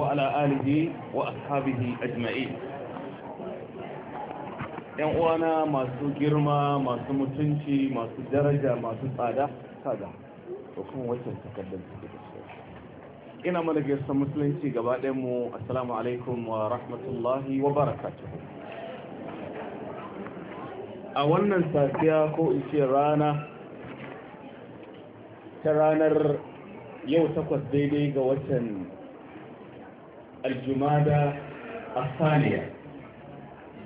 وعلى آله وأصحابه أجمعين ‘yan uwana masu girma masu mutunci masu daraja masu tsada tsada kuma wacce takardar da ke ina mana gaisar musulunci gaba mu assalamu alaikum wa rahmatullahi wa a wannan safiya ko in ce rana ta ranar yau takwas daidai ga watan aljumada asaniya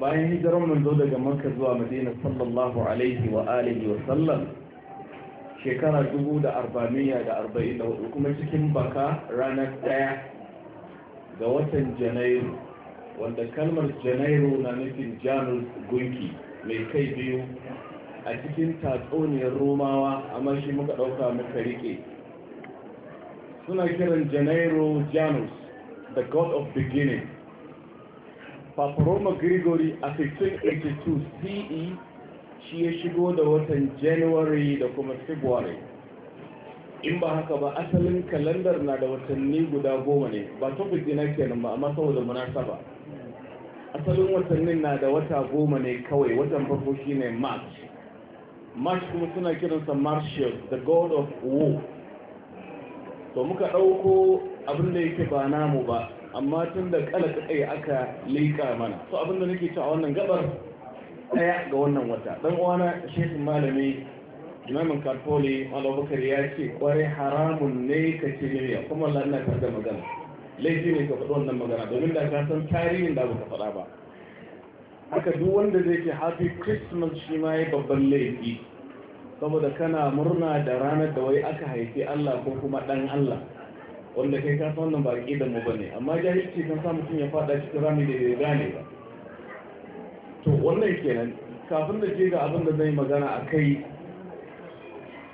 bayan hijirar manzo daga makka zuwa madina sallallahu alaihi wa alihi wa sallam shekara 1444 kuma cikin baka ranar daya ga watan janairu wanda kalmar janairu na nufin janus gunki mai kai biyu a cikin tatsuniyar romawa amma shi muka ɗauka muka rike suna kiran janairu janus the God of beginning. Papa Roma Gregory a 1582 CE shi ya shigo da watan January da kuma February. In ba haka ba asalin kalandar na da watanni guda goma ne ba topic dina kenan ba amma saboda munasaba. Asalin watannin na da wata goma ne kawai watan farko ne March. March kuma suna kiransa Martial, the god of war. To muka ɗauko abin da yake ba namu ba amma tun da kala kai aka lika mana to abin da nake cewa wannan gabar ɗaya ga wannan wata dan uwana shehu malami imamin katoli malabukar ya ce kwarai haramun ne ka ce ne kuma Allah ina da magana laifi ne ka faɗi wannan magana domin da ka san tarihin da baka faɗa ba haka duk wanda zai ce happy christmas shi ma ya babban laifi saboda kana murna da ranar da wai aka haifi Allah ko kuma dan Allah wanda kai ka san wannan ba a da mu bane amma jahilci kan sa mutum ya fada cikin rami da ya gane ba to wannan kenan kafin da je ga abin da zai magana a kai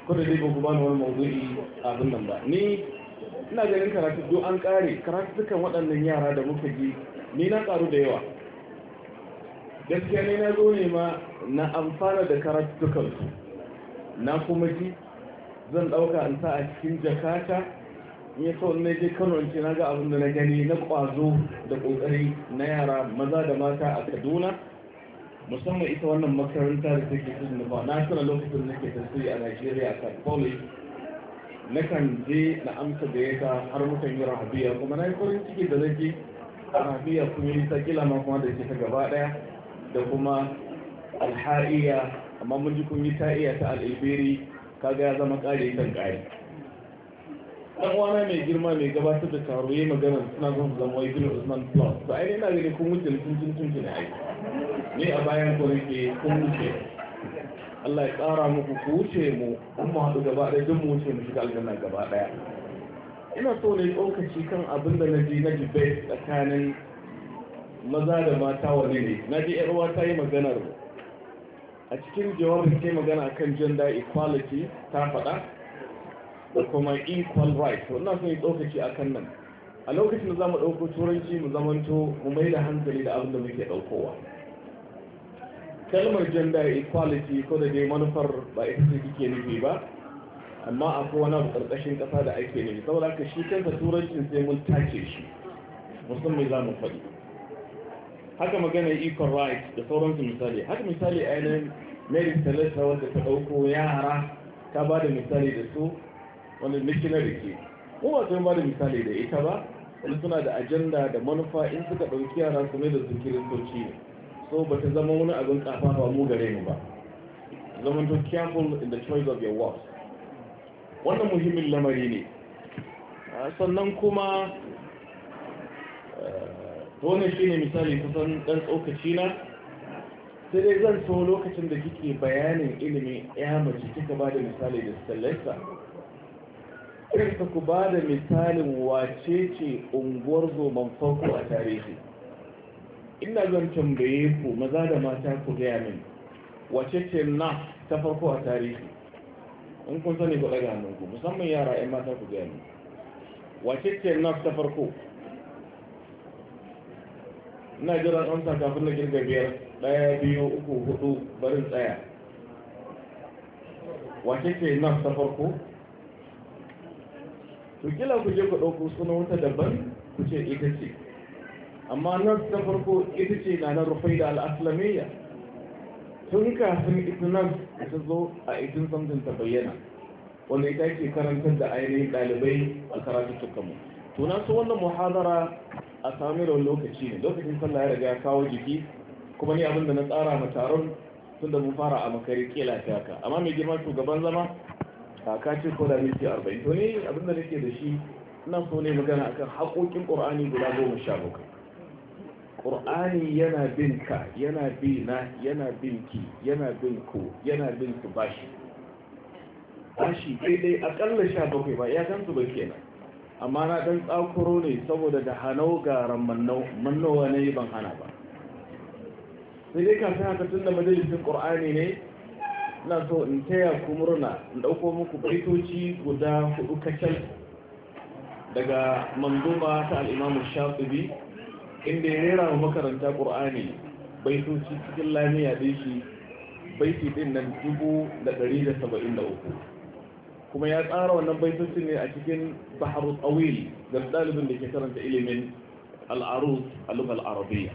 kuma dai ba ku wani mawdu'i abin nan ba ni ina ganin karatu duk an kare karatu dukan waɗannan yara da muka ji ni na karu da yawa gaskiya ne na zo ne ma na amfana da karatu dukansu na kuma ji zan ɗauka in sa a cikin jakata ya so ne je kano ce na ga abin da na gani na kwazo da kokari na yara maza da mata a kaduna musamman ita wannan makaranta da take cikin ba na tana lokacin da ke tasiri a najeriya a kakoli na kan je na amsa da ya ta har mutan yi rahabiya kuma na yi farin ciki da zaki a rahabiya kuma yi sakila ma kuma da ke ta gaba daya da kuma alha'iya amma mun ji kun yi ta'iya ta al'ibiri kaga ya zama kare kan kare dan uwana mai girma mai gabatar da taro yayin magana suna zan zama wai bin Usman Plus to ai ina ganin kun wuce tun tun tun da ai ne a bayan ku ne kun mutum Allah ya tsara muku ku wuce mu kun mu haɗu gaba ɗaya duk mu wuce mu shiga aljanna gaba ɗaya ina so ne tsokaci kan abin da na ji na debate tsakanin maza da mata wani ne na ji yar uwa ta yi maganar a cikin jawabin ta magana akan gender equality ta faɗa da kuma equal right wannan ina yi tsokaci a kan nan a lokacin da za mu ɗauko turanci mu zamanto mu mai da hankali da abin da muke ɗaukowa kalmar gender equality ko da dai manufar ba ita ce kike nufi ba amma akwai wani abu ƙarƙashin ƙasa da ake nufi saboda haka shi kansa turancin sai mun tace shi musamman za mu faɗi haka magana equal right da sauransu misali haka misali ainihin mary celeste wadda ta ɗauko yara ta ba da misali da su wanda missionary ke mu ba sai ba da misali da ita ba wani suna da ajanda da manufa in suka ɗauki yara su mai da su kiristoci ne so ba ta zama wani abin kafa ba mu gare mu ba zaman to careful in the choice of your words wannan muhimmin lamari ne ah, sannan kuma eh, wannan shi ne misali kusan ɗan tsokaci na sai dai zan so lokacin da kike bayanin ilimin ya mace kika ba da misali da stellesa sai ku ba da misalin wace ce unguwar zoban farko a tarihi ina zan tambaye ku maza da mata ku gaya min wace ce na ta farko a tarihi in kun sani ku daga ku. musamman yara 'yan mata ku gaya min wace ce na ta farko ina jiran amsa kafin na girga biyar ɗaya biyu uku hudu barin tsaya wace ce na ta farko to kila ku je ku ɗauko suna wata daban ku ce ita ce amma nan ta farko ita ce na na rufai da al'aslamiyya tun kafin itinan ta zo a itin samtin ta bayyana wanda ita ke karantar da ainihin ɗalibai a karatun tukanmu tuna su wannan muhazara a sami da lokaci ne lokacin sallah ya riga kawo jiki kuma ne abinda na tsara ma taron tun da mun fara a makare kela ta haka amma mai girma shugaban zama ka ce ko da minti arba'in to ne abin da nake da shi nan so ne magana akan haƙoƙin ƙur'ani guda goma sha bakwai ƙur'ani yana bin ka yana bi na yana bin ki yana bin ku yana bin su bashi bashi dai aƙalla sha bakwai ba ya gan su ba nan. amma na ɗan tsakuro ne saboda da hanau garan mannowa na yi ban hana ba sai dai kafin haka tun da majalisin ƙur'ani ne ina so in taya ku murna in ɗauko muku baitoci guda hudu kacal daga manzoma ta al'imamu shafibi inda ya rera wa makaranta ƙur'ani baitoci cikin lamiya ɗin shi baiti ɗin nan dubu da ɗari da saba'in da uku kuma ya tsara wannan baitoci ne a cikin baharu tsawil ga ɗalibin da ke karanta ilimin al'arus a lugar arabiya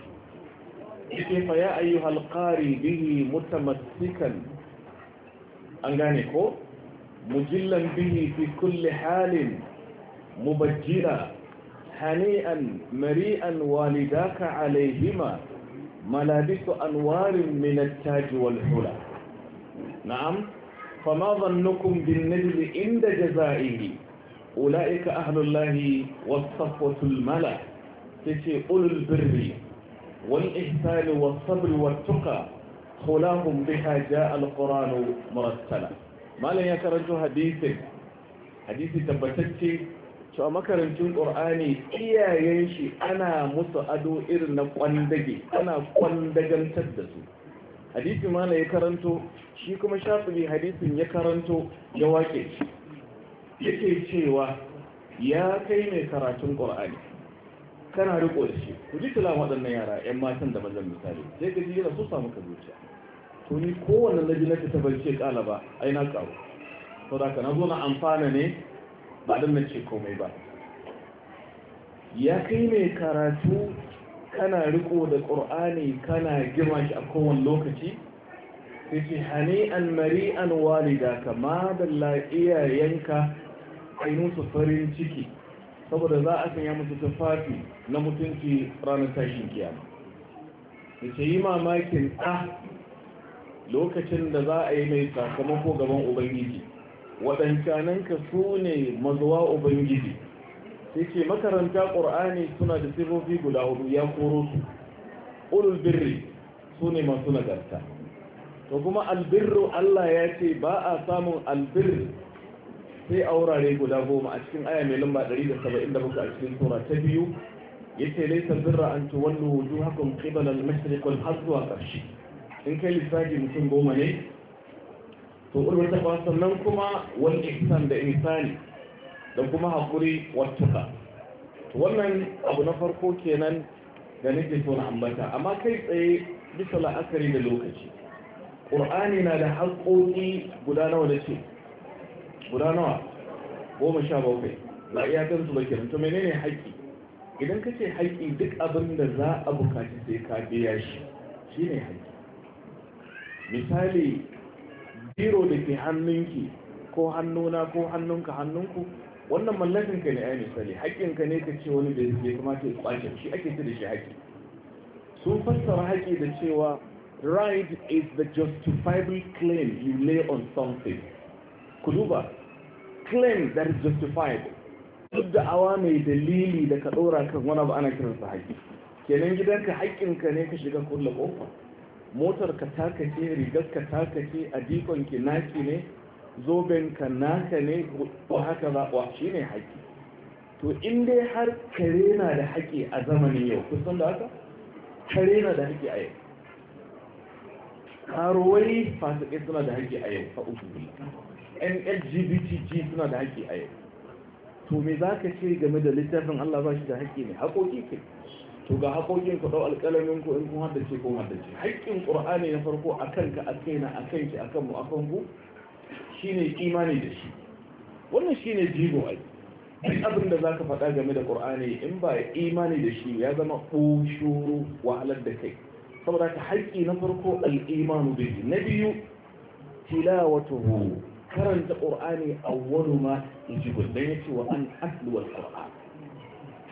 yake fa ya ayyuhal qari bihi mutamassikan an gane ko mujillan bihi fi kulli halin mubajjira hani'an mari'an walidaka alaihima malabisu anwarin min at-taj wal hula na'am fama dhannukum bin najl inda jazaihi ulaika ahlullahi was-safwatul mala tace ulul birri wal ihsan was-sabri wat khulahum biha jaa al-qur'anu murattala malam ya karanto hadisi hadisi tabbatacce a makarantun ƙur'ani iyayen shi ana musu ado irin na kwandage ana kwandagantar da su hadisi malam ya karanto shi kuma shafi hadisin ya karanto ya wake yake cewa ya kai mai karatun ƙur'ani kana riko da shi ku ji tilan waɗannan yara 'yan matan da mazan misali sai ka ji su samu ka zuciya to ni kowanne na nake ta ce kala ba ai na to da na zo na amfana ne ba dan nace komai ba ya kai mai karatu kana riko da qur'ani kana girma shi a kowane lokaci sai ce hani an mari an walida kama da iyayenka ai musu farin ciki saboda za a ya musu tufafi na mutunci ranar tashin kiyama da ce yi mamakin a ah, lokacin da za a yi mai sakamako gaban ubangiji waɗancananka su ne mazuwa ubangiji sai ce makaranta ƙur'ani suna da sifofi guda hudu ya koro su ulul birri su ne masu nagarta to kuma albirru allah ya ce ba a samun albirri sai a wurare guda goma a cikin aya mai lamba 177 a cikin tura ta biyu yace laysa birra an hakan wujuhakum qibala al-mashriq wal-ghadwa ƙarshe. in kai lissafi mutum goma ne to ta fasa nan kuma wani ihsan da insani da kuma haƙuri wattuka wannan abu na farko kenan da nake so na ambata amma kai tsaye bisa la'akari da lokaci ƙur'ani na da haƙoƙi guda nawa da ce guda nawa goma sha bakwai na iyakar su bakin to menene haƙƙi idan ka ce haƙƙi duk abin da za a bukaci sai ka biya shi shi ne haƙƙi misali biro da ke hannunki ko hannuna ko hannunka hannunku wannan mallakinka ne ai misali haƙƙinka ne ka ce wani da ya kuma ce kwace shi ake ce da shi haƙƙi sun fassara haƙƙi da cewa right is the justifiable claim you lay on something ku duba claim that is justified duk da awa mai dalili da ka ɗora kan wani abu ana kiransa haƙƙi kenan gidanka haƙƙinka ne ka shiga kulle ƙofa motar ka taka ke rigar ka taka ke a jikon ki naki ne zoben ka naka ne ko haka ba wa shi ne haƙi to in dai har kare na da haƙi a zamanin yau kusan da haka kare na da haƙi a yau karuwai fasikai suna da haƙi a yau fa uku yan lgbtg suna da haƙi a yau to me za ka ce game da littafin allah ba shi da haƙi ne haƙoƙi ke to ga haƙoƙin ku ɗau alƙalamin ku in kun haddace ko haddace haƙƙin ƙur'ani na farko a kanka a kaina a kanki a a kanku shine imani da shi wannan shine jigo ai duk abin da zaka faɗa game da ƙur'ani in ba imani da shi ya zama ƙushuru wahalar da kai saboda ka haƙƙi na farko al'imanu shi na biyu tilawatuhu karanta ƙur'ani awwalu ma yajibu dan yace wa an atlu al-qur'an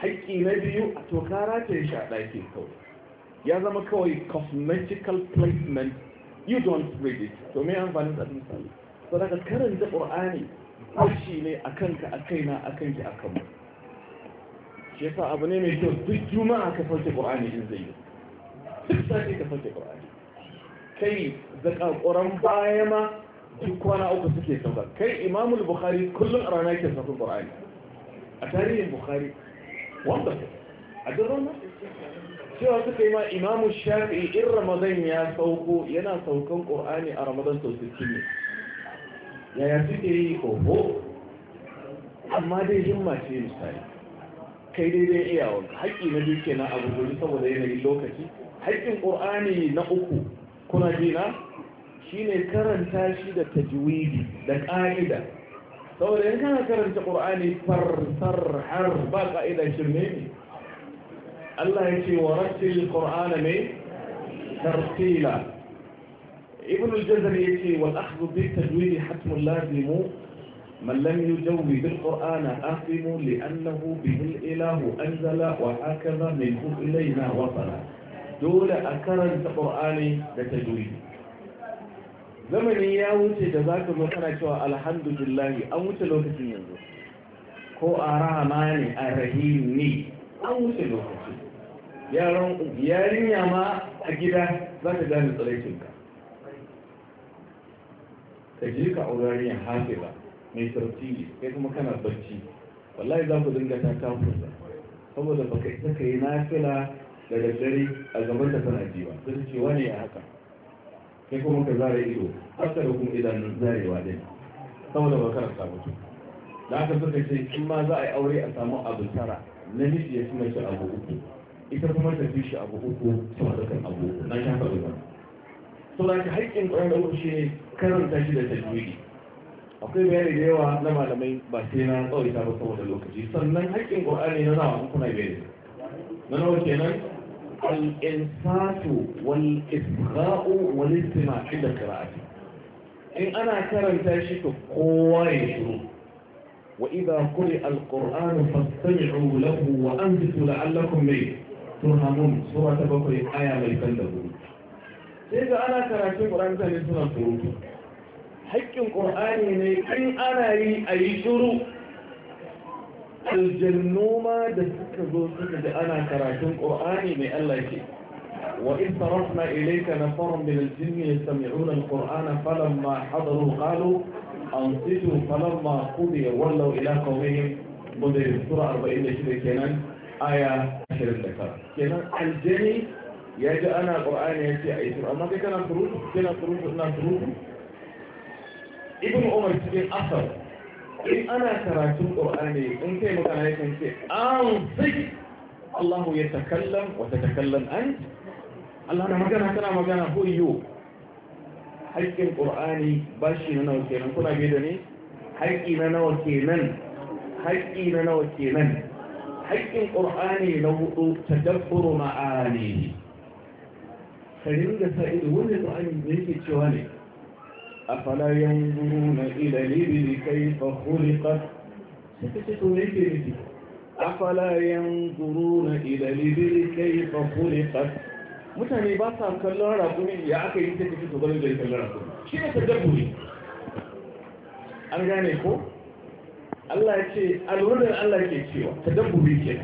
haƙƙi na biyu a tokara ta rataye shi a ɗakin kawai ya zama kawai cosmetical placement you don't read it to me amfani da misali so daga karanta ƙur'ani harshe ne a kanka a kaina a kanki a kanmu shi yasa abu ne mai kyau duk juma'a ka sauke ƙur'ani in zai yi duk sati ka sauke ƙur'ani kai zakakuran baya ma duk kwana uku suke sauka kai imamul bukhari kullum a rana ke sauka ƙur'ani a tarihin bukhari wanda a duk rana cewa suka yi ma imamu shafi'i in ramadan ya sauko yana saukan ƙor'ani a ramadan sau ne yaya suke yi ƙoho amma dai himma ce misali kai daidai iyawa haƙƙi na duke na abu guri saboda yanayi lokaci haƙƙin ƙor'ani na uku kuna jina shine karanta shi da tajwidi da ƙa'ida saboda yin kana karanta ƙur'ani farfar har ba ƙa'idar shirme ne Allah ya ce wa rashin ƙur'ana mai tartila ibn al-jazari ya ce wa akhdhu bi tajwidi hatm al-lazim man lam yujawwi bil qur'an asim li annahu bihi al-ilah anzala wa hakaza min hu ilayna wa fara dole akaran ta qur'ani da tajwidi zamani ya wuce da za ka matsara cewa alhamdulillahi an wuce lokacin yanzu ko a rahama ne a rahim ne an wuce lokacin yaron yarinya ma a gida za ka gane tsaraicinka ka ji ka aurariyar ba, mai tartibi kai kuma kana bacci wallahi za ku dinga ta kafurza saboda baka isa ka yi nafila da daddare a gaban da kana jiwa ce wani ya haka sai kuma ka zare ido hasa da kuma idanun zarewa din saboda ba karanta mutu. da aka suka ce in ma za a yi aure a samu abu tara nishi ya kuma shi abu uku ita kuma ta fi shi abu uku sama da kan abu uku na shafa ruwa so da haƙƙin ƙwayar da uku shine karanta shi da tajwidi akwai bayani da yawa na malamai ba sai na tsawaita ba saboda lokaci sannan haƙƙin ƙwayar ne na zama kuna bayani na nawa kenan الإنصات والإصغاء والاستماع عند قراءته إن أنا كرمت شيء قوي وإذا قرئ القرآن فاستمعوا له وأنبتوا لعلكم ليه ترهمون سورة بكر آية ملكان دبون سيدا أنا كراتي قرآن ثاني سورة سورة حق القرآن إن أنا أي شروع aljannu ma da suka zo suka da ana karatun ƙur'ani mai Allah ke wa in sarafna ilayka nafarun min al-jinn yastami'una al-qur'ana falamma hadaru qalu ansitu falamma qudiya wallaw ila qawmihim mudir sura 46 kenan aya 29 kenan aljani ya ji ana ƙur'ani ya ce a yi amma kai kana surutu kana surutu ina surutu ibn umar cikin asar in ana karatun ƙor'ani in kai mutane yakan ce an sai Allah ya takallam wata ta takallam an Allah na magana tana magana hoyo haƙƙin ƙor'ani ba shi na nawa kenan kuna bai da ne haƙƙi na nawa kenan haƙƙi na nawa kenan haƙƙin ƙor'ani na hudu ta dabburu ma'ani ka ringa sa'idu wanda ƙor'ani da yake cewa ne أفلا ينظرون إلى الإبل كيف خلقت أفلا ينظرون إلى الإبل كيف خلقت mutane ba sa kallon rakumi ya aka yi ta tafi shugaban da kallon rakumi shi ne ta tadabburi an gane ko Allah ya ce alwurin Allah ke cewa ta tadabburi ke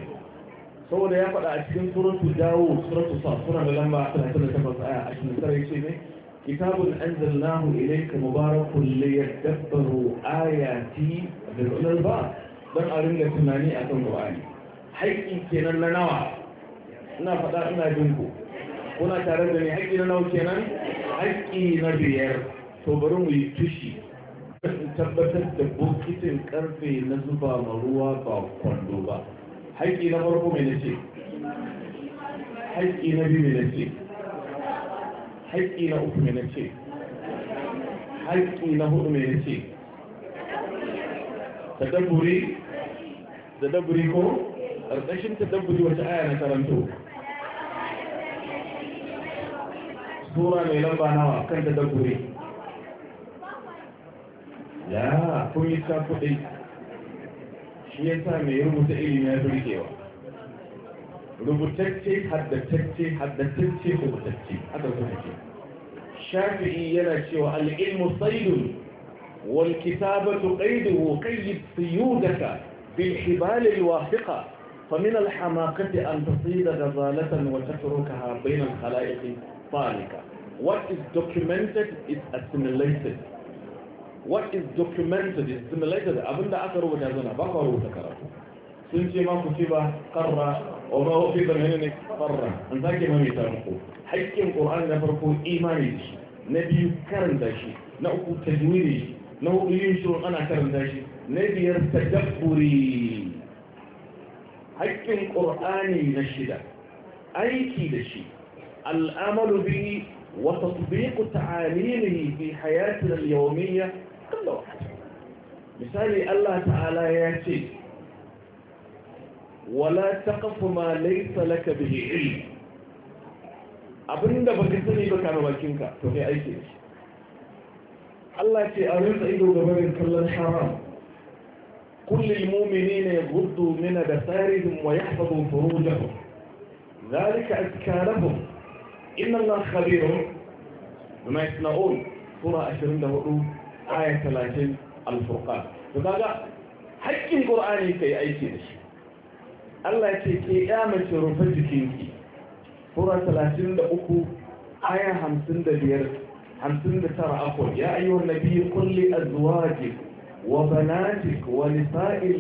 saboda ya faɗa a cikin suratu dawo suratu sa suna da lamba a 38 a cikin sarai ce ne كتاب أنزلناه إليك مبارك ليتدبروا آياتي بالأولى البعض don a ringa tunani a kan ƙwa'ani kenan na nawa ina faɗa ina jinku kuna tare da ni haƙƙi na nawa kenan haƙƙi na biyar to bari mu yi tushi tabbatar da bokitin karfe na zuba ma ruwa ba kwando ba haƙƙi na farko mai nace haƙƙi na biyu mai nace haƙƙi na uku ne na ce haƙƙi na hudu ne na ce tadabburi tadabburi ko ƙarƙashin tadabburi wata aya na karanto sura mai lamba nawa kan tadabburi ya kun yi sa kuɗi shi ya sa mai rubuta ilimi ya turkewa rubutacce haddatacce haddatacce rubutacce haka kuma ce shafi'i yana cewa al'ilmu saidun wal kitabatu qaiduhu qayyid siyudaka bil hibal al wafiqa min al hamaqati an tasida ghazalatan wa tatrukaha bayna al khalaiq talika what is documented is assimilated what is documented is assimilated abinda aka rubuta zana ba ka rubuta karatu sun ce ma ku ce ba karra وما وفق من مرة أن ذاك ما يتامقه حق القرآن نفرقه إيماني نبي كرن داشي نأكو تجويري نهو ينشر أنا كرن داشي نبي تدبري حق القرآن نشدا أيكي داشي الأمل به وتطبيق تعاليمه في حياتنا اليومية كل واحد مثالي الله تعالى ياتي wala taqfu ma laysa laka bihi ilm abinda baka sani ba kana bakinka to kai aiki da shi Allah ce a rinsa ido ga barin kallon haram كل المؤمنين يغضوا من بصارهم ويحفظوا فروجهم ذلك أزكى لهم إن الله خبير بما يصنعون سورة 24 آية 30 الفرقان فقال حق القرآن كي أيكي دشي Allah ya ce ke ya mace rufe jikinki da 33 aya 55 59 akwai ya ayyuhan kulle a zuwa ke wa banatik wa nisa'il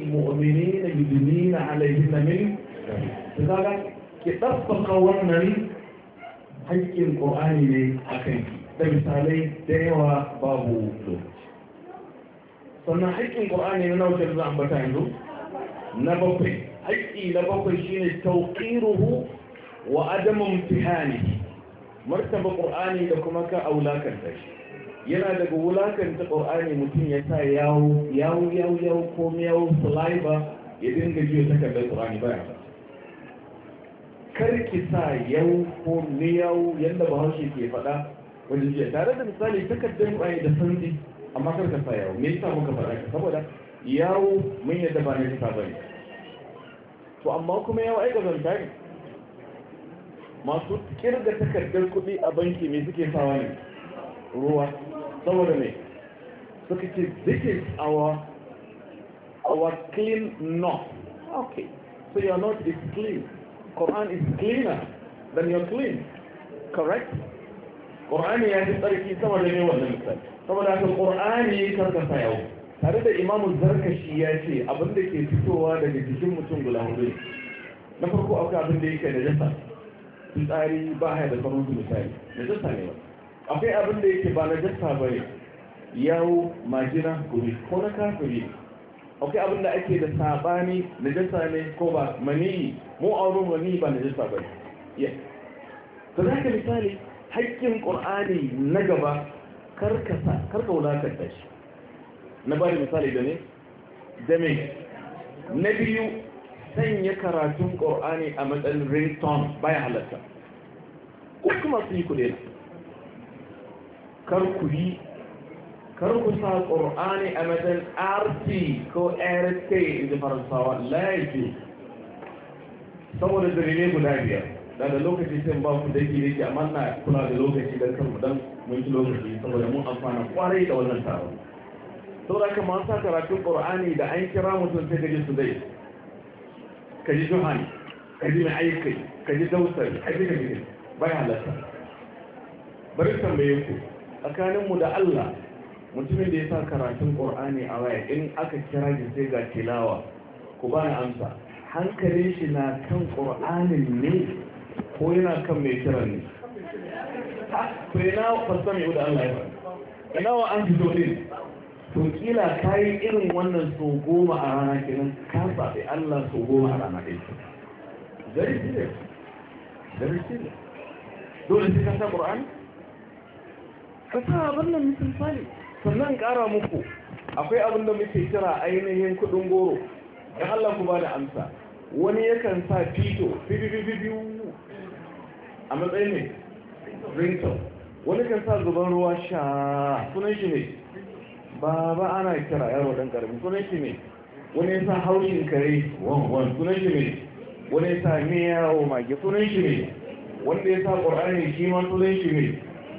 na Alayhi na min kaga ki tabbaka wannan haƙƙin ƙo'ani ne a kan da misalai da yawa babu lokaci sannan haƙƙin ƙo'ani na nauke za a ambata yanzu na bakwai haƙƙi na bakwai shine tauqiruhu wa adamu imtihani martaba ƙur'ani da kuma ka a wulaƙanta shi yana daga wulakanta ƙur'ani mutum ya sa yawo yawo yawo yawo ko yawo saliva ya dinga jiya ƙur'ani, baya ba kar ki sa yau ko miyau yadda bahaushe ke faɗa wajen jiya tare da misali takardar qur'ani da sandi amma kar ka sa yawo me yasa muka faɗa saboda yawo mun yadda ba ne ta bane to amma kuma yawa aika zanta ne masu kirga takardar kuɗi a banki mai suke sawa ne ruwa saboda ne suka ce this is our our clean north okay so your north is clean Quran is cleaner than your clean correct Qur'ani ya fi tsarki sama da ne wannan misali saboda haka Qur'ani karkasa yau. tare da imamu zarkashi ya ce abin da ke fitowa daga jikin mutum guda hudu na farko akwai abin da yake da jasa tsari ba haya da sauransu misali da jasa ne ba akwai abin da yake ba na jasa ba ne yawo majina gobe ko na kafiri akwai abin da ake da sabani na jasa ne ko ba maniyi mu auren mani ba na jasa ba ne ta za ka misali haƙƙin ƙur'ani na gaba karkasa karka wulakanta shi na ba da misali da ne da me na biyu sanya karatun ƙor'ani a matsayin rington bayan halatta ko kuma su yi kuɗe kar ku yi kar sa ƙor'ani a matsayin rt ko rt inda faransawa laifi saboda dalilai guda biyar da da lokaci sai ba ku daki dake amma na kula da lokaci don kan mu dan mun ci lokaci saboda mun amfana kwarai da wannan taron saboda ka masu karatun ƙor'ani da an kira mutum sai ka ji su zai ka ji juhani ka ji mai aiki ka ji dausar ka ji mai bai halatta bari tambaye ku tsakaninmu da allah mutumin da ya sa karatun ƙor'ani a waya in aka kira ji sai ga tilawa ku ba amsa hankali shi na kan ƙor'anin ne ko yana kan mai kiran ne ha ku ina fasami da allah ya ina wa an fito din to kila ka yi irin wannan sau goma a rana kenan ka saɓi Allah sau goma a rana ɗaya very serious very ne. dole sai ka sa qur'an? ka sa abin nan misali sannan ƙara muku akwai abin da muke kira ainihin kuɗin goro Ya Allah ku ba da amsa wani yakan sa fito biyu a matsayin ne ringtone wani kan sa zuban ruwa sha sunan shi ne ba ba ana kira yaro dan karami sunan shi ne wani ya sa haushin kare wan wan sunan shi ne wani ya sa me yawo mage sunan shi ne wanda ya sa qur'ani shi ma sunan shi ne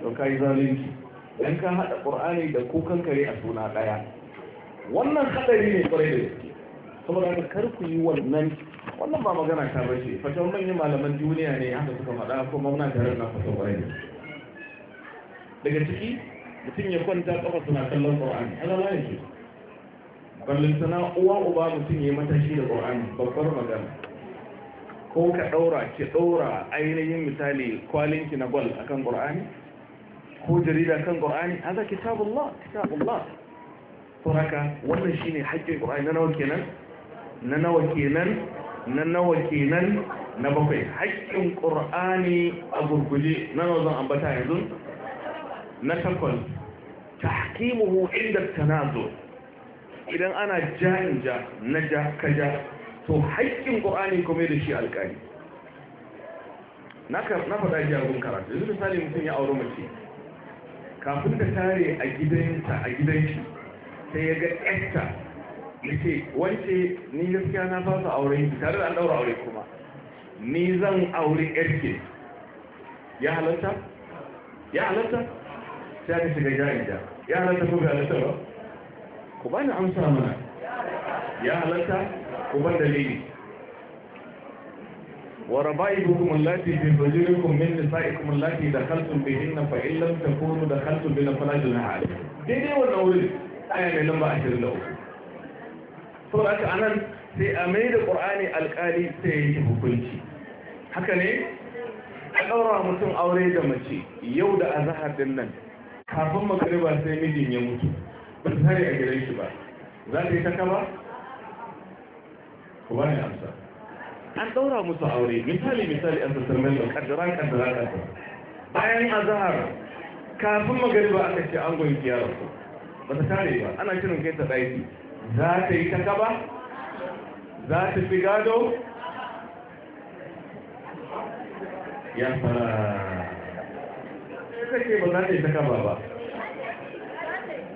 to kai zalunci dan ka hada qur'ani da kukan kare a suna daya wannan hadari ne kwarai da gaske saboda haka kar ku yi wannan wannan ba magana ta bace fatan manyan malaman duniya ne haka suka faɗa kuma muna tare na fata kwarai daga ciki mutum ya kwanta kafa suna kallon qur'ani halala ne shi ballin sana uwa uba mutum ya matashi da qur'ani babbar magana ko ka ɗaura, ki daura ainihin misali kwalinki na gwal kan qur'ani ko jarida kan qur'ani hada kitabullah kitabullah to haka wannan shi ne haƙƙin qur'ani na nawa kenan na nawa kenan na nawa kenan na bakwai haƙƙin qur'ani a gurguje na nawa zan ambata yanzu na takwas tahkimuhu inda tanazo idan ana ja'in ja na ja ka ja to haƙƙin ƙwa'ani kuma da shi alƙali na faɗa ji abin karatu yanzu misali mutum ya auri mace kafin ta tare a gidanta a gidan sai ya ga ƴarta ya ce wance ni gaskiya na fasa aure tare da an aure kuma ni zan aure ƴarke ya halatta ya halatta sai shiga ja'ija ya halatta ko ga halatta ba ku bani amsa mana ya halatta ku ban dalili وربائبكم التي في رجلكم من نسائكم التي دخلتم بهن فإن لم تكونوا دخلتم بهن فلا جناح عليكم دي دي wannan wuri aya ne lamba 23 so da anan sai a mai da qur'ani alqali sai ya hukunci haka ne a daura mutum aure da mace yau da azhar din nan kafin ba sai mijin ya mutu ba ta tare a gidan shi ba za ta yi ta kama ku bani amsa an ɗaura musu aure misali misali an sassar mai da kaddara ta bayan azahar kafin ba aka ce an goyi kiyarar ku ba ta tare ba ana shirin kai ta daiki za ta yi ta kaba za ta fi gado ya fara ta ce ba za ta yi ba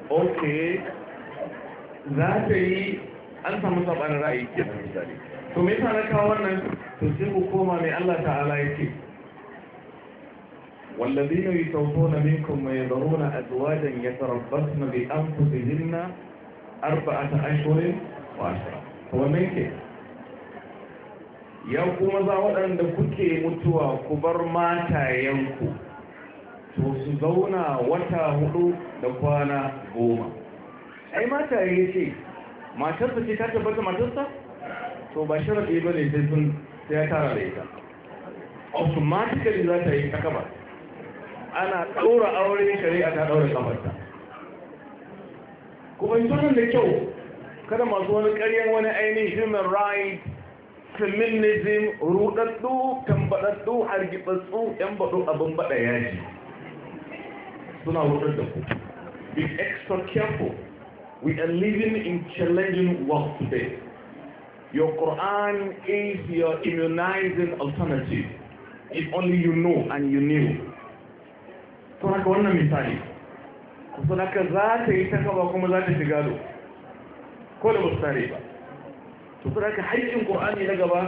ok za ta yi an samu saɓanin ra'ayi ke nan misali to me sa na kawo wannan to sai ku koma mai Allah ta'ala ya ce والذين يتوفون منكم ويذرون أزواجا يتربصن بأنفسهن أربعة أشهر وعشرة هو منك yau kuma za waɗanda kuke mutuwa ku bar matayenku to su zauna wata hudu da kwana goma ai mata ya ce matarsa ce ta tabbata matarsa to ba sharafi ba ne sai sun sai ya tara da ita automatically za ta yi ta ana ɗaura aure shari'a ta ɗaura kamarta kuma yi sunan da kyau kada masu wani ƙaryen wani ainihin human rights feminism rudaddu tambadaddu hargitsatsu yan baɗo abin baɗa yaji suna wutar da ku be extra careful we are living in challenging world today your quran is your immunizing alternative if only you know and you knew Suna ka wannan misali Suna ka za ka yi takawa kuma za ta shiga do ko da ba tare ba to ka haka haƙƙin qur'ani na gaba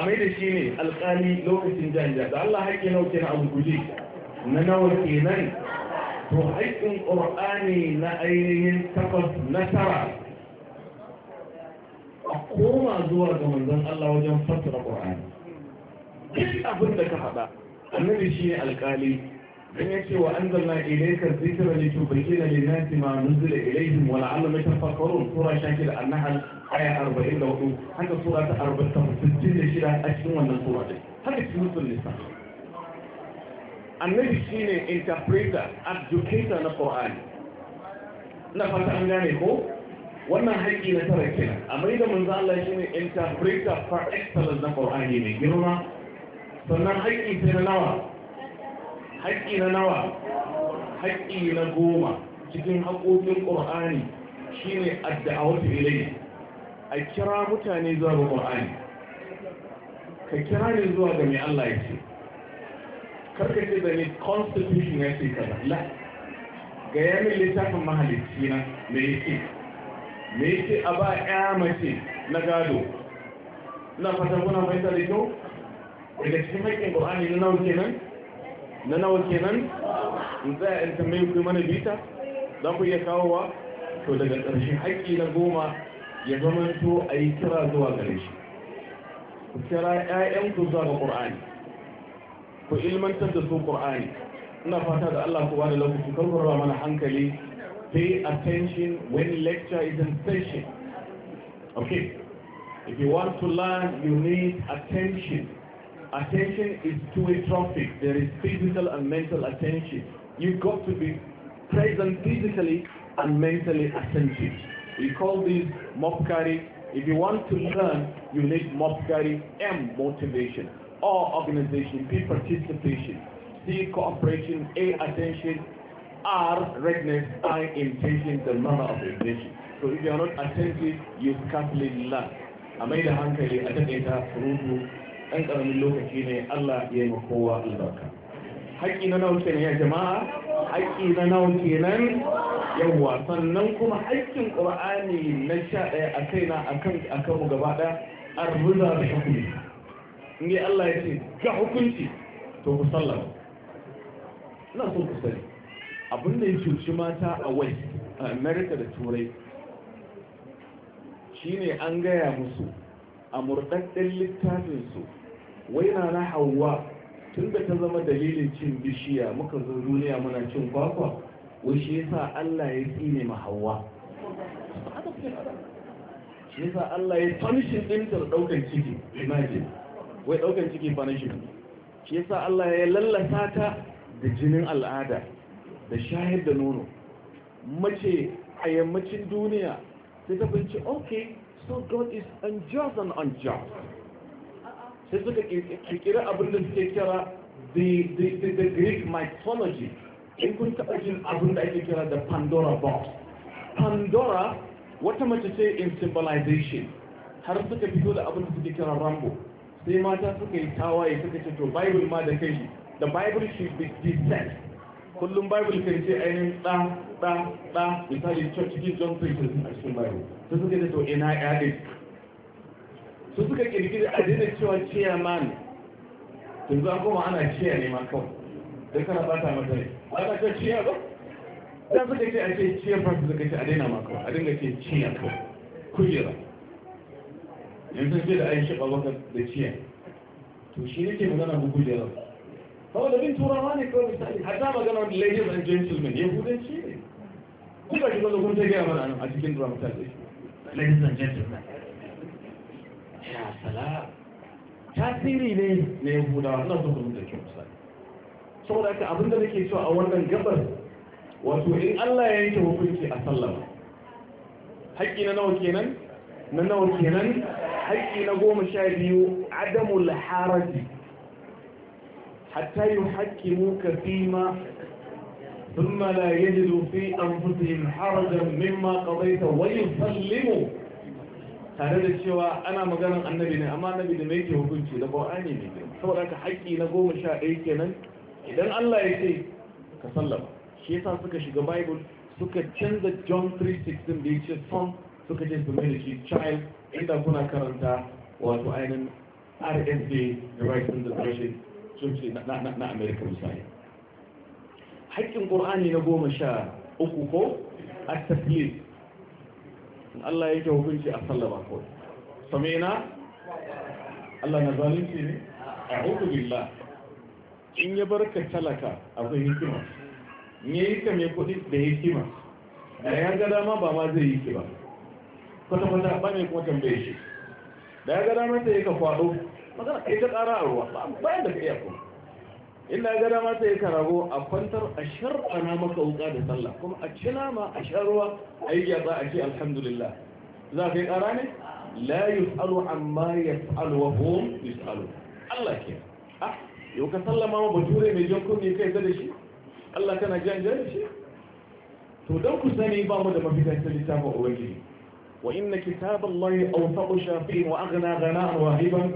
a mai da shi ne alƙali lokacin janja da Allah haƙƙi wuce na abu guji na nawa kenan to haƙƙin ƙur'ani na ainihin takwas na a koma zuwa ga manzon Allah wajen fassara ƙur'ani duk abin da ka faɗa annabi shi ne alƙali dan ya ce wa anzalna ilayka dhikra litubayyana lin-nasi ma nuzila ilayhim haka ta 46 a cikin wannan sura din haka cikin nisa annabi shi ne interpreter adjudicator na ƙorani na fata an gane ko wannan haƙƙi na tara kenan amma idan Allah shi ne interpreter for excellence na ƙorani mai girma sannan haƙƙi sai na nawa haƙƙi na nawa haƙi na goma cikin haƙoƙin ƙorani shi ne adda'awatu ilai a kira mutane zuwa ga ƙorani ka kira ne zuwa ga mai Allah ya ce karka ce da ni constitution ya ce kaza la ga min littafin mahalicci na me yake me yake a ba ya mace na gado na fata kuna mai tsari kyau daga cikin haƙƙin ƙwa'ani na nawa kenan na nawa kenan in za tsaya in tambayi ku mana bita za ku iya kawowa to daga ƙarshen haƙƙi na goma ya zama to a yi kira zuwa gare shi ku kira ku zuwa ga ƙur'ani ku ilmantar da su qur'ani ina fata da Allah ku bani lokaci kar ku raba mana hankali pay attention when lecture is in session okay if you want to learn you need attention attention is two-way there is physical and mental attention you got to be present physically and mentally attentive we call this mopkari if you want to learn you need mopkari and motivation all organization, P participation, C cooperation, A attention, R readiness, I intention, the manner of intention. So if you are not attentive, you scarcely learn. A mai da hankali a daɗaita surutu ɗan ƙaramin lokaci ne Allah ya yi kowa albarka. Haƙƙi na nawa kenan ya jama'a, haƙƙi na nawa kenan yawwa sannan kuma haƙƙin ƙur'ani na sha ɗaya a kaina akan akan gaba ɗaya an da hukumi. ne Allah ya ce ga hukunci to ku sallar ina so ku sani abin da ya cuci mata a wai a america da turai Shi ne an gaya musu a murɗaɗɗen littafinsu wai na na hawa tun da ta zama dalilin cin bishiya muka zo duniya muna cin kwakwa wai shi yasa Allah ya tsine ma hawa shi yasa Allah ya punishin ɗin ta ɗaukar ciki imagine wai daukan ciki punishment shi yasa Allah ya lallasa ta da jinin al'ada da shayar da nono mace a yammacin duniya sai ta binci okay so God is unjust and unjust sai suka kirkira abin da suke kira the Greek mythology in kun taɓa jin abin da ake kira da Pandora box Pandora wata mace ce in symbolization har suka fito da abin da suke kira Rambo sai mata suka yi tawaye suka ce to bible ma da kai the bible should be dissect kullum bible kan ce ainihin ɗa ɗa ɗa misali church gives john preaches a cikin bible su suka ce to ina yaɗin su suka kirkiri dina cewa chairman yanzu an kuma ana ciya ne ma kawai da kana ba ta mata ne ba ta ce ciya ba ta suka ce a ce ciya fa suka ce a daina ma kawai a dinga ce ciya kawai kujera yanzu sai da aiki aisha babakar da ciya to shi ne ke magana muku jera saboda bin turawa ne kawai misali hatta magana wani wanda ladies and gentlemen yahudanci ne kuka shi wanda kun ta gaya mana nan a cikin dramatization ladies and gentlemen ya sala tasiri ne na ya yahudawa na zuwa da kyau misali saboda haka abinda nake cewa a wannan gabar wato in Allah ya yanke hukunci a sallama haƙƙi na nawa kenan na nawa kenan haƙƙi na goma sha biyu adamul haraji hatta yi haƙƙi muka fi ma ثم لا يجد في أنفسهم حرجا مما قضيت ويسلموا tare da cewa ana maganar annabi ne amma annabi da mai ke hukunci da ƙwa'ani ne saboda ka haƙƙi na goma sha ɗaya kenan idan Allah ya ce ka sallama shi yasa suka shiga bible suka canza john 3:16 da ya ce son suka ce su mai shi child inda kuna karanta wato ainihin rsd the right to liberation sun ce na america misali haƙƙin ƙur'ani na goma sha uku ko a tafiye Allah yake hukunci a sallama ko na. Allah na zalunci ne a hukun billah in ya barka talaka akwai hikima in ya yi ka mai kuɗi da hikima da ya gada ma ba ma zai yi ki ba kwata-kwata ba mai kuma tambaye shi da ya ga damar sai ka kwado magana kai ta ƙara a ruwa bayan da ka iya kuma inda ya ga damar sai ka rago a kwantar a shar'ana maka wuka da sallah kuma a ci nama a sha a yi yatsa a ce alhamdulillah za ka yi ƙara ne la yus'alu amma ya yas'alu wa hum yus'alu Allah ke ah yau ka sallama ma bature mai jan kunne kai da shi Allah kana jan jan shi to don ku sani ba mu da mafita ta littafin ubangiji وإن كتاب الله أوثق شافي وأغنى غناء واهبا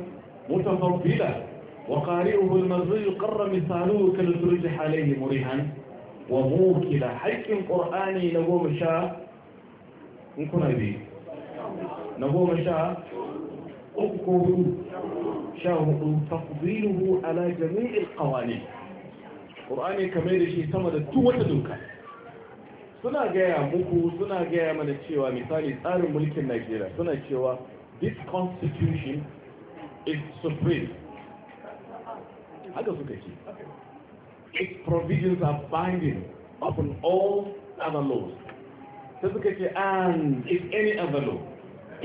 متفضلا وقارئه المزي قر مثاله كالفرج عليه مريها وموكل حيك القرآن نبو شاء نكون أبي نبو شاء أذكر شاهد تفضيله على جميع القوانين قرآني كما شيء سمد التوة دوكا suna gaya muku suna gaya mana cewa misali tsarin mulkin Najeriya suna cewa this constitution is supreme haka suka ce its provisions are binding upon all other laws sai suka ce and if any other law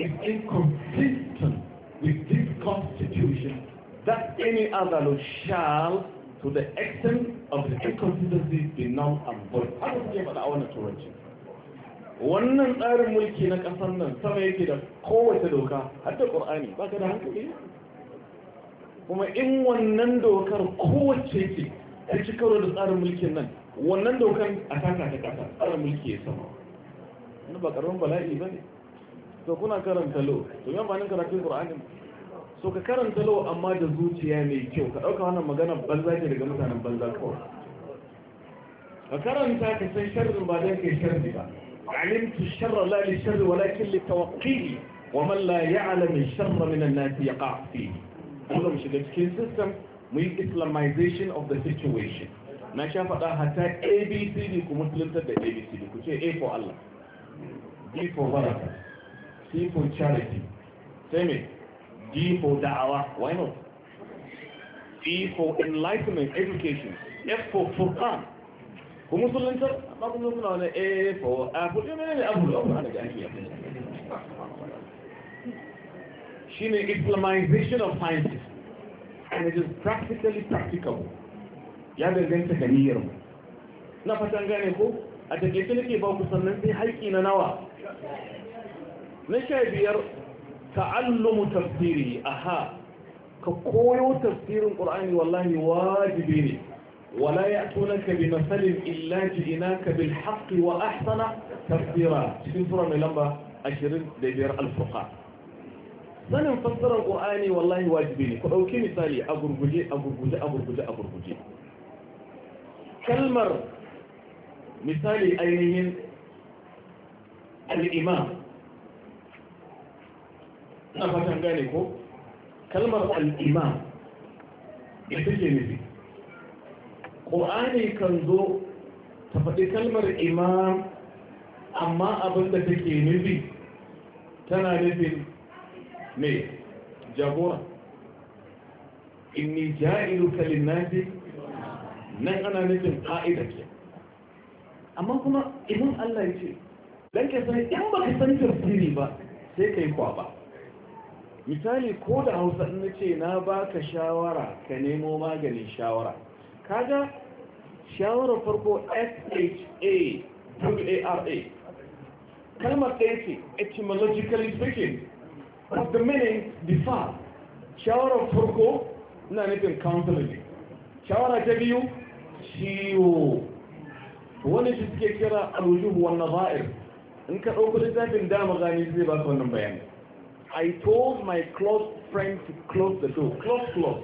is inconsistent with this constitution that any other law shall to the extent of the inconsistency be now and void haka suke faɗa a wannan turanci wannan tsarin mulki na ƙasar nan sama yake da kowace doka har da ƙur'ani ba ka da hankali kuma in wannan dokar kowace ce ta ci karo da tsarin mulkin nan wannan dokar a taka ta ƙasa tsarin mulki ya sama wani ba ƙaramin bala'i ba ne to kuna karanta lo to yan karatun nan karatun so ka karanta lau amma da zuciya mai kyau ka ɗauka wannan magana banza ce daga mutanen banza kawai ka karanta ka san sharrin ba don kai sharri ba alimtu sharra la li sharri walakin li tawqihi wa man la ya'lamu sharra min an-nas yaqa fi kuma mu shiga cikin system mu yi islamization of the situation na sha faɗa hatta abcd ku musuluntar da abcd ku ce a for allah b for baraka c for charity sai D for da'awah. Why not? E for enlightenment, education. F for Furqan. Ku musulunta, ba ku nufin wani A for Apple, yau mene ne Apple, yau oh, ana ga aiki yau. Shi ne Islamization of sciences. And it is practically practical Ya danganta ga niyyar mu. Na fatan gane ko, a take nake ba ku sannan sai haƙi na nawa. Na sha biyar ta'allumu tafsiri aha ka koyo tafsirin qur'ani wallahi wajibi ne wala ya'tunaka bi masalin illa ji'naka bil haqqi wa ahsana tafsira cikin sura mai lamba 25 al-furqan sanin fassarar qur'ani wallahi wajibi ne ku dauki misali a gurguje a gurguje a gurguje a gurguje kalmar misali ainihin al-imam ina fatan gane ko kalmar al'imam ita ce nufi ƙo'ani kan zo ta faɗi kalmar imam amma abin da ke nufi tana nufin ne jagora inni ja'ilu kalinnati nan ana nufin ƙa'idar ke amma kuma imam Allah ya ce don ke san in baka san tafsiri ba sai ka yi kwaba misali ko da hausa ina ce na baka shawara ka nemo maganin shawara kaga shawarar farko s h a a r a kalmar ɗaya ce etymologically speaking of the meaning differ shawarar farko na nufin counseling shawara ta biyu ciwo e wani su suke kira aljuhu wannan za'ir in ka ɗauki littafin dama gani zai ba ka wannan bayanin I told my close friend to close the door. Close, close.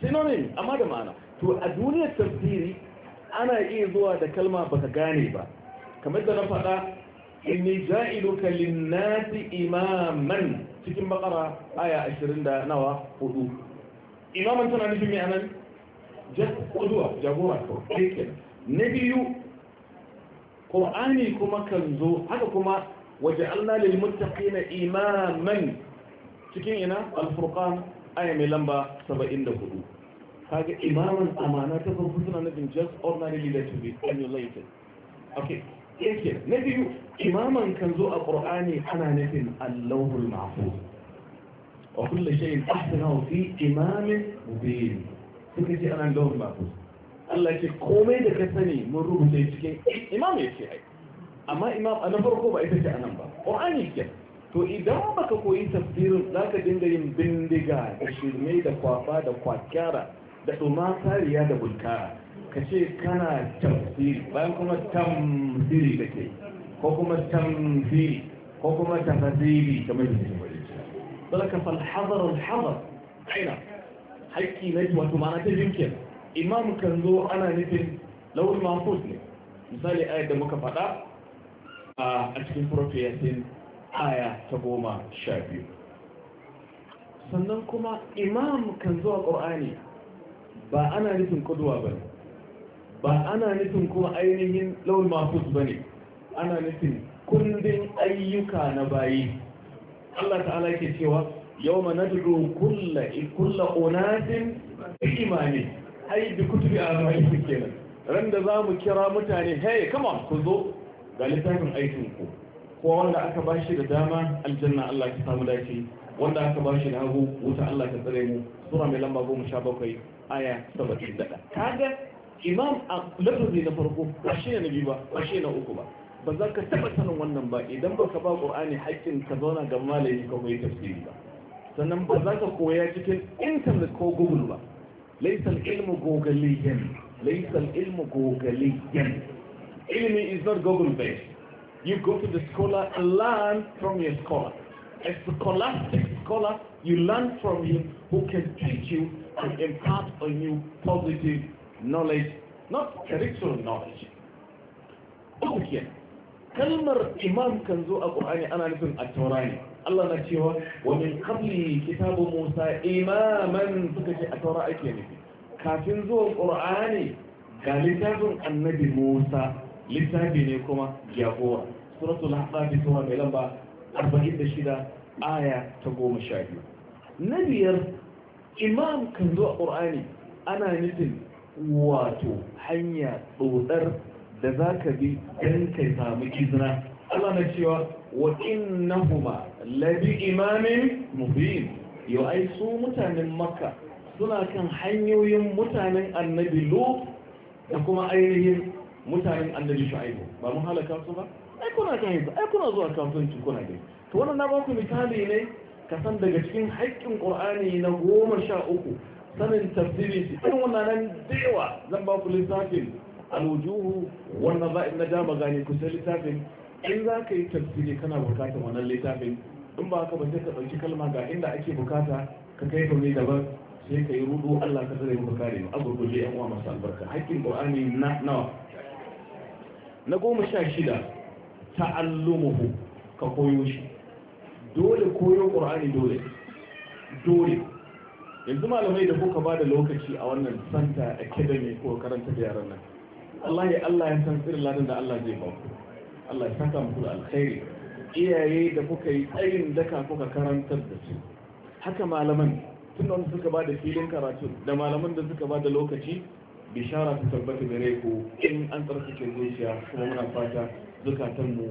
Synonym, a mother ma'ana. To a dunya tafsiri ana iya zuwa da kalma baka gane ba. Kamar da na faɗa, inni ja'iluka lin-nasi imaman cikin bakara aya ashirin da nawa hudu. Imaman tana nufin mai anan? Kuduwa, jagora, ko Na biyu, Ƙur'ani kuma kan zo, haka kuma Waje waj'alna lil muttaqina imaman cikin ina al-furqan aya mai lamba 74 kaga imaman amana ta farko suna nufin just ordinary leader to be emulated okay yake na biyu imaman kan zo a qur'ani ana nufin allahul mahfuz wa kullu shay'in ahsanahu fi imamin mubin suka ce ana allahul mahfuz Allah ce komai da ka sani mun rubuta cikin imam yake ai amma imam a na farko ba ita ce a nan ba ƙwa'ani ke to idan baka koyi tafsirin za ka dinga yin bindiga da shirme da kwafa da kwakyara da tsoma kariya da bulkara ka ce kana tafsiri bayan kuma tamsiri da ke ko kuma tamsiri ko kuma tafasiri kamar da ke wani sarka falhazar alhazar aina haƙƙi na wato ma'ana ta jinkin imam kan zo ana nufin lawul mafus ne misali ayat da muka faɗa a cikin profiyatin aya ta goma sha biyu sannan kuma imam kan zuwa ƙorani ba ana nufin kuduwa ba ba ana nufin kuma ainihin laul mafus ba ne ana nufin kundin ayyuka na bayi Allah ta'ala ke cewa yau ma na duro kulla onasin imani ai bi kutubi a bayi su kenan randa za mu kira mutane hey come on ku zo ga littafin aikin ku ko wanda aka ba shi da dama aljanna Allah ya samu dace wanda aka ba shi da hagu wuta Allah ta tsare mu sura mai lamba goma sha bakwai aya saba'in kaga imam a lafazi na farko ba shi na biyu ba ba shi na uku ba ba za ka taɓa sanin wannan ba idan ba ka ba ƙur'ani haƙƙin ka zauna ga malami ka koyi tafsiri ba sannan ba za ka koya cikin intanet ko google ba laisal ilmu gogaliyan laisal ilmu gogaliyan Ilmi is not Google-based. You go to the scholar and learn from your scholar. A scholastic scholar, you learn from him who can teach you and impart on you positive knowledge, not curriculum knowledge. Okay. kalmar imam kan zo a ƙur'ani ana nufin Allah na cewa min qabli kitabu Musa imaman suka ce a taura ake nufi Musa littafi ne kuma jagora suratul haqqabi sura mai lamba 46 aya ta goma biyu na biyar imam kan zo a qur'ani ana nufin wato hanya dodar da za ka bi dan kai samu izina Allah na cewa wa huma labi imamin mubin yau ai su mutanen makka suna kan hanyoyin mutanen annabi lo da kuma ainihin mutanen annabi shu'aibu ba mun halaka su ba ai kuna kan yanzu ai kuna zuwa kuna dai to wannan na baku misali ne kasan daga cikin haƙƙin qur'ani na goma sha uku sanin tafsiri shi irin wannan nan da zan baku lissafin alwujuhu wannan za in na magani ku sai littafin in za ka yi tafsiri kana bukatar wannan littafin in ba ka ba sai ka ɗauki kalma ga inda ake bukata ka kai ka mai daban sai ka yi rudu Allah ka zare maka kare mu a gurguje yan uwa masu albarka haƙƙin qur'ani na nawa na goma sha shida ta ta'allumuhu ka koyo shi dole koyo ƙur'ani dole dole yanzu malamai da kuka ba da lokaci a wannan santa academy ko karanta da yaran nan Allah ya Allah ya san tsirin ladan da Allah zai ba ku Allah ya saka muku alkhairi iyaye da kuka yi tsayin daka kuka karantar da su haka malaman tun da suka ba da filin karatu da malaman da suka ba da lokaci bishara ta tabbata gare ku in an tsarkake zuciya kuma muna fata zukatanmu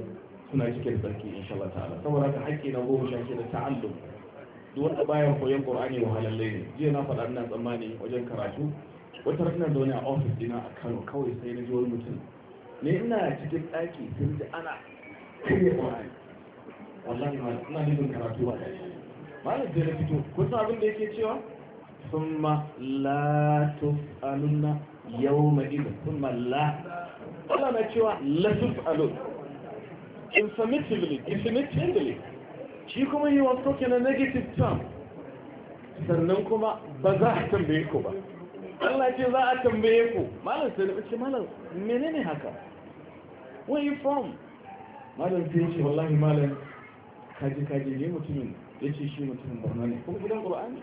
suna cike da tsarki insha Allah ta'ala saboda haka hakki na goma sha da ta'allum duk wanda bayan koyon Qur'ani wahalalle ne jiya na faɗa ina tsammani wajen karatu wata rana da wani a ofis dina a Kano kawai sai na ji wani mutum ne ina cikin ɗaki sun ji ana kare ƙur'ani? wallahi ma ina nufin karatu ba malam zai na fito kun san abin da yake cewa ثم لا tuf'alunna yau mai sun la Allah na cewa latif alone infinitively infinitively shi kuma yi wasu ke na negative term sannan kuma ba za a tambaye ku ba Allah ce za a tambaye ku malam sai na ce malam menene haka where you from malam sai ce wallahi malam kaji kaji ne mutumin yace shi mutumin barna ne kuma gidan qur'ani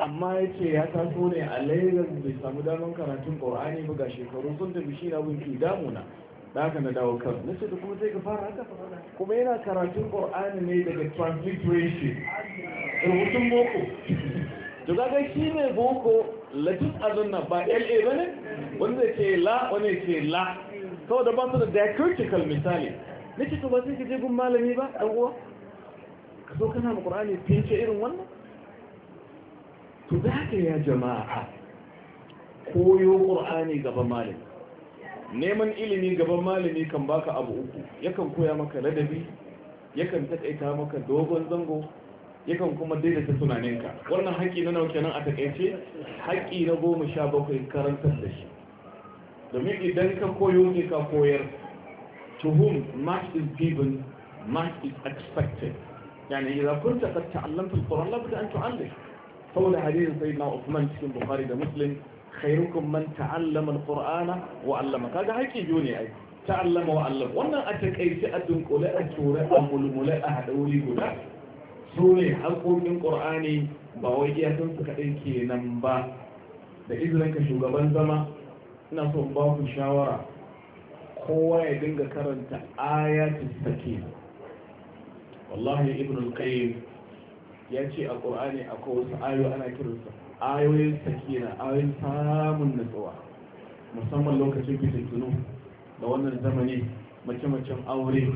amma ya ce ya taso ne a lagos bai samu damar karatun ƙorani ba ga shekaru sun tafi shi na gunki damuna da aka na dawo kan na ce da kuma sai ka fara haka kuma yana karatun ƙorani ne daga transliteration rubutun boko to kaga shi ne boko latin azunna ba la ba ne wani zai ce la wani ce la saboda ba su da diacritical misali na ce to ba sai ka je gun malami ba ɗan uwa ka so kana ma ƙorani fince irin wannan to da ya jama'a koyo ƙur'ani gaban malami neman ilimi gaban malami kan baka abu uku yakan koya maka ladabi yakan taƙaita maka dogon zango yakan kuma daidaita tunaninka wannan haƙƙi na nauke nan a taƙaice haƙƙi na goma sha bakwai karantar da shi domin idan ka koyo ne ka koyar to whom much is given much is expected yani idan kun taƙatta allon fulfuran labda an tu'allim saboda hadisin na Uthman cikin Bukhari da Muslim khairukum man ta'allama al-Qur'ana wa 'allama kaga haƙi biyu ne ai ta'allama wa 'allama wannan a takaice a dunkule a tura a mulmule a hadauri guda su ne haƙoƙin Qur'ani ba wai iya iyakan su kaɗai kenan ba da izinin ka shugaban zama ina so ba ku shawara kowa ya dinga karanta ayatul sakin wallahi ibn al-qayyim ya ce a ƙur'ani akwai wasu ayo ana kiransa ayoyin sakina ayoyin samun natsuwa musamman lokacin fitintunu da wannan zamani mace-macen aure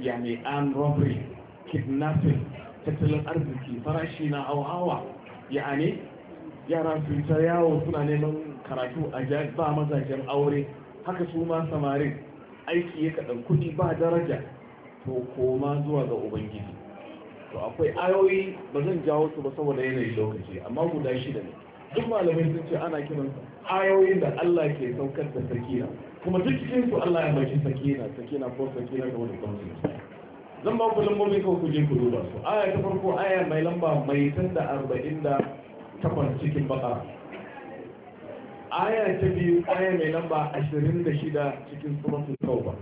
ya ne an robbery kidnapping tattalin arziki farashi na awawa. ya ne yara su ta yawo suna neman karatu a ba mazajen aure haka su ma samarin aiki ya kaɗan kudi ba daraja to koma zuwa ga ubangiji to akwai ayoyi ba zan jawo su ba saboda yanayi lokaci amma guda shida ne duk malamai sun ce ana kiran ayoyin da Allah ke saukar da sakina kuma duk cikin su Allah ya baki sakina sakina ko sakina ga wani kwanci zan ba ku lambobi ko ku je ku duba su aya ta farko aya mai lamba mai tanda da arba'in da takwas cikin baka aya ta biyu aya mai lamba ashirin da shida cikin suratul tauba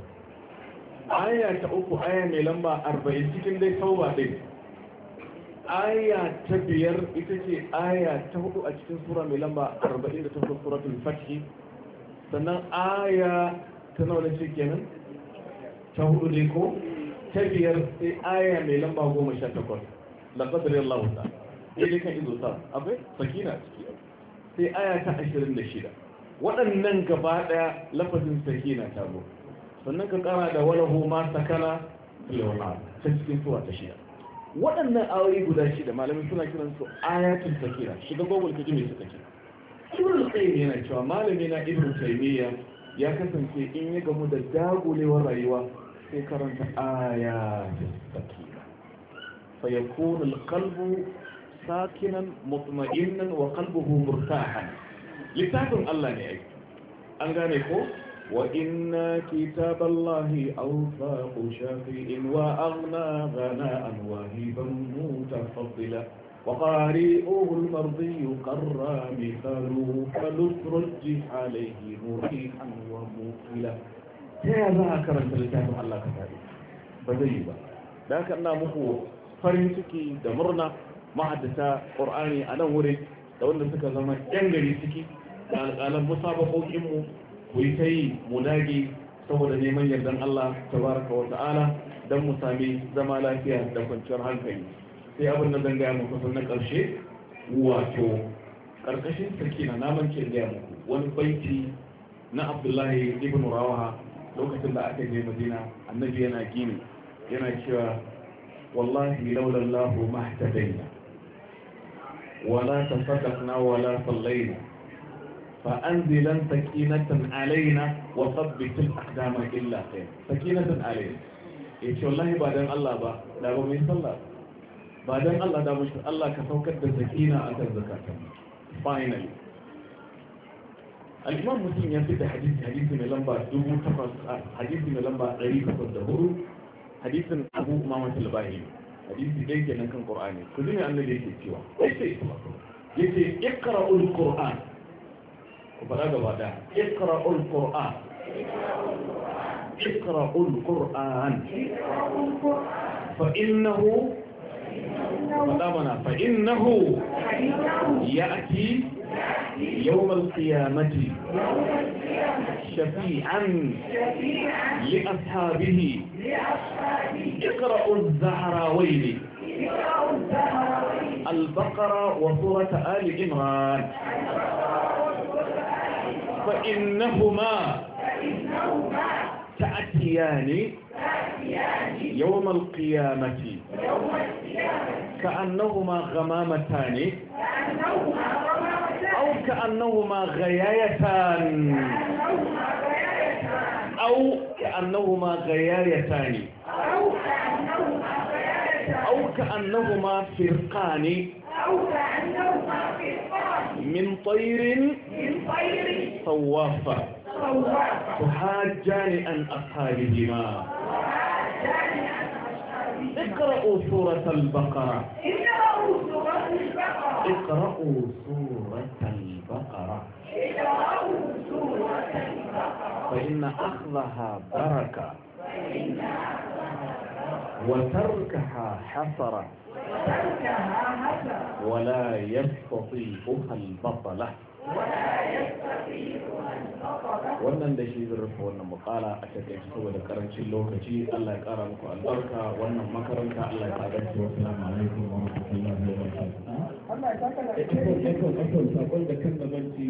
aya ta uku aya mai lamba arba'in cikin dai tauba ɗin aya ta biyar ita ce aya ta hudu a cikin sura mai lamba da 48 suratul fathi sannan aya ta nawa ne kenan ta hudu ne ko ta biyar sai aya mai lamba goma sha 18 laqad radiyallahu ta'ala dai kan izo sa abai sakina ciki sai aya ta ashirin da shida, waɗannan gaba ɗaya lafazin sakina ta zo sannan ka kara da walahu ma sakana ta cikin sura ta shida waɗannan ayoyi guda shida malamin suna kiran su ayatul takira shiga gogul kaji mai suka kira ibn qayyim yana cewa malami na ibn taymiya ya kasance in ya gamu da dagulewar rayuwa sai karanta ayatul takira fa yakunu alqalbu sakinan mutma'innan wa qalbuhu murtahan littafin Allah ne ai an gane ko وإن كتاب الله أوفاق شفيء وأغنى غناء وهبا متفضلا وقارئه المرضي قرى مثاله فلسر عليه مريحا ومقلا هذا كما تلتاكم الله كتابه بذيبا ذاك أنه مخو فرنسكي دمرنا ما حدسا قرآني أنا ورد لو أنه سكى زمان سكي أنا مصابقه إمه ku yi ta yi munagi saboda neman yardan Allah tabaraka wa ta'ala don mu sami zama lafiya da kwanciyar hankali sai abin da zan gaya muku sun na ƙarshe wato ƙarƙashin sarki na naman ke gaya muku wani baiti na abdullahi ibn rawaha lokacin da aka je madina annabi yana gini yana cewa wallahi laulallahu allah wala tasaddaqna wala sallaina فأنزلا سكينة علينا وثبت الأقدام إلا خير سكينة علينا yace wallahi ba dan Allah ba da mai sallah ba dan Allah da mushi Allah ka da zakata finally al-imam muslim ya fita hadisi hadisi mai lamba 1800 hadisi mai lamba 1804 hadisin Abu Umama al-Bahili hadisi dai kenan kan Qur'ani ku ji me annabi yake cewa yace yace وبلاغ الوداع اقرأوا القرآن اقرأوا القرآن فإنه فإنه, يأتي يوم القيامة شفيعا لأصحابه اقرأوا الزهراوين البقرة وصورة آل إمران فإنهما تأتيان يوم القيامة كأنهما غمامتان أو كأنهما غيايتان أو كأنهما غيايتان أو كأنهما فرقان أو كأنهما فرقان من طير من طير صوافة صوافة أن أصحاب أصحابهما اقرأوا سورة البقرة اقرأوا سورة البقرة اقرأوا سورة البقرة فإن أخذها بركة فإن أخذها بركة وتركها حسرة ولا يستطيعها البطلة wannan da shi zai rufe wannan mukala a takaice saboda karancin lokaci Allah ya kara muku albarka wannan makaranta Allah ya kara ki wasu wa Allah ya